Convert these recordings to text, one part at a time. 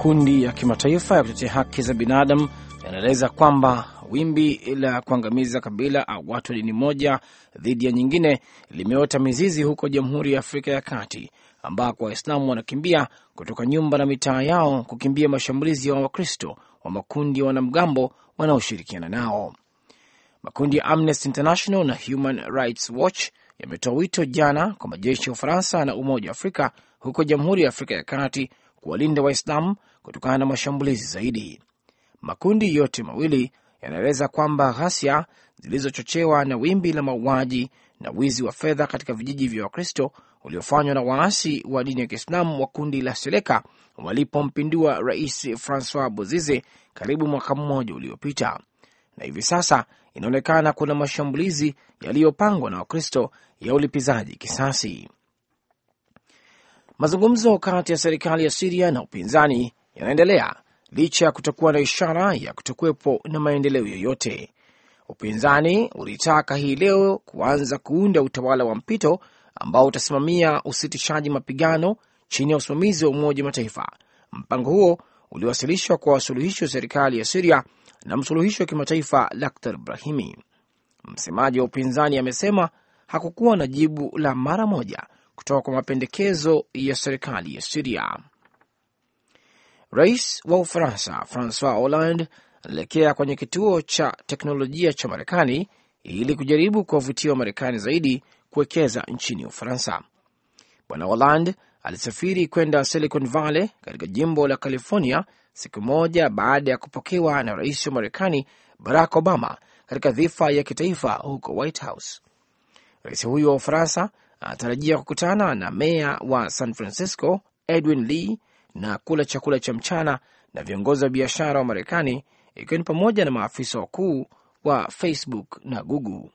makundi ya kimataifa ya kutetea haki za binadamu yanaeleza kwamba wimbi la kuangamiza kabila au watu wa dini moja dhidi ya nyingine limeota mizizi huko Jamhuri ya Afrika ya Kati, ambako Waislamu wanakimbia kutoka nyumba na mitaa yao kukimbia mashambulizi ya Wakristo wa, makundi ya wanamgambo wanaoshirikiana nao. Makundi ya Amnesty International na Human Rights Watch yametoa wito jana kwa majeshi ya Ufaransa na Umoja wa Afrika huko Jamhuri ya Afrika ya Kati kuwalinda Waislamu kutokana na mashambulizi zaidi. Makundi yote mawili yanaeleza kwamba ghasia zilizochochewa na wimbi la mauaji na wizi wa fedha katika vijiji vya Wakristo uliofanywa na waasi wa dini ya Kiislamu wa kundi la Seleka walipompindua Rais Francois Bozize karibu mwaka mmoja uliopita, na hivi sasa inaonekana kuna mashambulizi yaliyopangwa na Wakristo ya ulipizaji kisasi. Mazungumzo kati ya serikali ya Siria na upinzani yanaendelea licha ya kutokuwa na ishara ya kutokuwepo na maendeleo yoyote. Upinzani ulitaka hii leo kuanza kuunda utawala wa mpito ambao utasimamia usitishaji mapigano chini ya usimamizi wa Umoja Mataifa. Mpango huo uliwasilishwa kwa wasuluhishi wa serikali ya Siria na msuluhishi wa kimataifa Lakhdar Brahimi. Msemaji wa upinzani amesema hakukuwa na jibu la mara moja kutoka kwa mapendekezo ya serikali ya Siria. Rais wa Ufaransa Francois Hollande alielekea kwenye kituo cha teknolojia cha Marekani ili kujaribu kuwavutia Wamarekani zaidi kuwekeza nchini Ufaransa. Bwana Hollande alisafiri kwenda Silicon Valley katika jimbo la California siku moja baada ya kupokewa na rais wa Marekani Barack Obama katika dhifa ya kitaifa huko White House. Rais huyo wa Ufaransa anatarajia kukutana na meya wa San Francisco Edwin Lee na kula chakula cha mchana na viongozi wa biashara wa Marekani, ikiwa ni pamoja na maafisa wakuu wa Facebook na Google.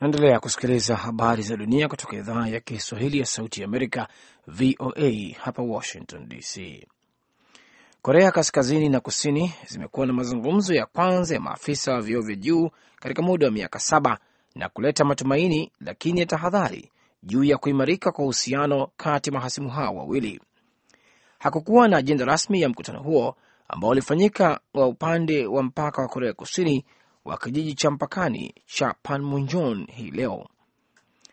Naendelea kusikiliza habari za dunia kutoka idhaa ya Kiswahili ya Sauti ya Amerika, VOA hapa Washington DC. Korea Kaskazini na Kusini zimekuwa na mazungumzo ya kwanza ya maafisa wa vyeo vya juu katika muda wa miaka saba na kuleta matumaini, lakini ya tahadhari juu ya kuimarika kwa uhusiano kati ya mahasimu hao wawili. Hakukuwa na ajenda rasmi ya mkutano huo ambao ulifanyika wa upande wa mpaka wa Korea Kusini wa kijiji cha mpakani cha Panmunjom hii leo.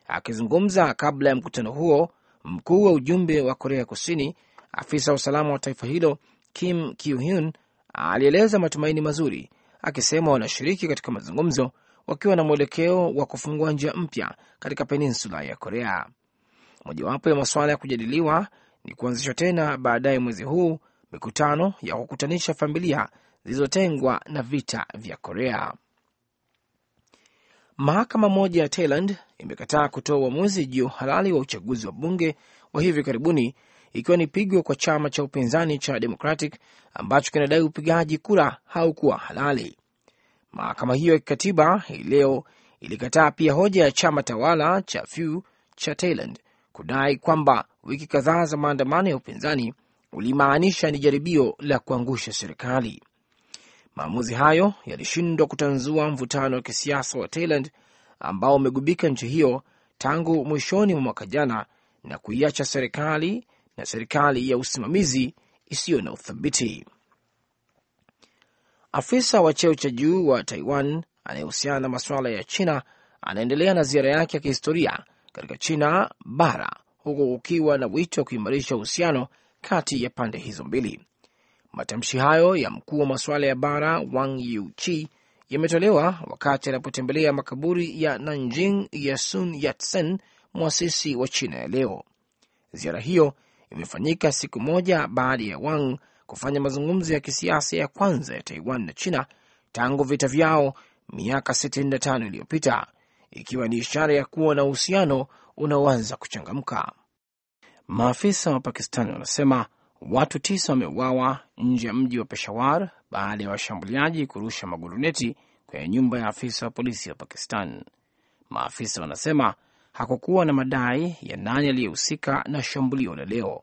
Akizungumza kabla ya mkutano huo, mkuu wa ujumbe wa Korea Kusini, afisa wa usalama wa taifa hilo Kim Kyuhyun alieleza matumaini mazuri, akisema wanashiriki katika mazungumzo wakiwa na mwelekeo wa kufungua njia mpya katika peninsula ya Korea. Mojawapo ya masuala ya kujadiliwa ni kuanzishwa tena baadaye mwezi huu mikutano ya kukutanisha familia zilizotengwa na vita vya Korea. Mahakama moja ya Thailand imekataa kutoa uamuzi juu halali wa uchaguzi wa bunge wa hivi karibuni, ikiwa ni pigo kwa chama cha upinzani cha Democratic ambacho kinadai upigaji kura haukuwa halali. Mahakama hiyo ya kikatiba hii leo ilikataa pia hoja ya chama tawala cha FIU cha Thailand kudai kwamba wiki kadhaa za maandamano ya upinzani ulimaanisha ni jaribio la kuangusha serikali. Maamuzi hayo yalishindwa kutanzua mvutano wa kisiasa wa Thailand ambao umegubika nchi hiyo tangu mwishoni mwa mwaka jana na kuiacha serikali na serikali ya usimamizi isiyo na uthabiti. Afisa wa cheo cha juu wa Taiwan anayehusiana na masuala ya China anaendelea na ziara yake ya kihistoria katika China bara huku kukiwa na wito wa kuimarisha uhusiano kati ya pande hizo mbili. Matamshi hayo ya mkuu wa masuala ya bara Wang Yuchi yametolewa wakati anapotembelea makaburi ya Nanjing ya Sun Yat-sen, mwasisi wa China ya leo. Ziara hiyo imefanyika siku moja baada ya Wang kufanya mazungumzo ya kisiasa ya kwanza ya Taiwan na China tangu vita vyao miaka 65 iliyopita, ikiwa ni ishara ya kuwa na uhusiano unaoanza kuchangamka. Maafisa wa Pakistani wanasema watu tisa wameuawa nje ya mji wa Peshawar baada ya washambuliaji kurusha maguruneti kwenye nyumba ya afisa wa polisi wa Pakistan. Maafisa wanasema hakukuwa na madai ya nani aliyehusika na shambulio la leo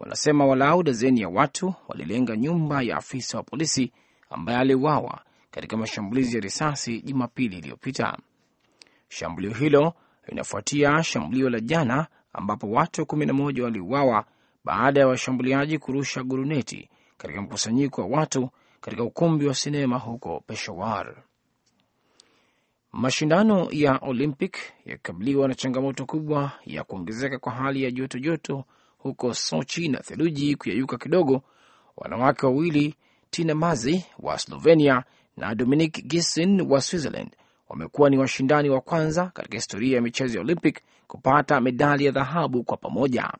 wanasema walau dazeni ya watu walilenga nyumba ya afisa wa polisi ambaye aliuawa katika mashambulizi ya risasi Jumapili iliyopita. Shambulio hilo linafuatia shambulio la jana ambapo watu 11 waliuawa baada ya washambuliaji kurusha guruneti katika mkusanyiko wa watu katika ukumbi wa sinema huko Peshawar. Mashindano ya Olympic yakikabiliwa na changamoto kubwa ya kuongezeka kwa hali ya joto joto huko Sochi na theluji kuyayuka kidogo, wanawake wawili Tina Mazi wa Slovenia na Dominic Gisin wa Switzerland wamekuwa ni washindani wa kwanza katika historia ya michezo ya Olympic kupata medali ya dhahabu kwa pamoja.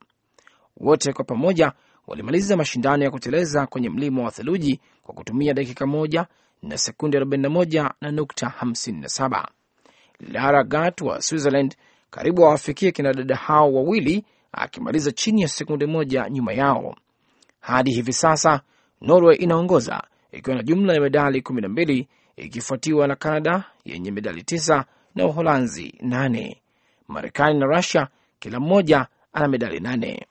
Wote kwa pamoja walimaliza mashindano ya kuteleza kwenye mlima wa theluji kwa kutumia dakika moja na sekunde 41 na nukta 57. Lara Gat wa Switzerland karibu awafikie kina dada hao wawili akimaliza chini ya sekunde moja nyuma yao. Hadi hivi sasa Norway inaongoza ikiwa na jumla ya medali kumi na mbili ikifuatiwa na Kanada yenye medali tisa na Uholanzi nane. Marekani na Rusia kila mmoja ana medali nane.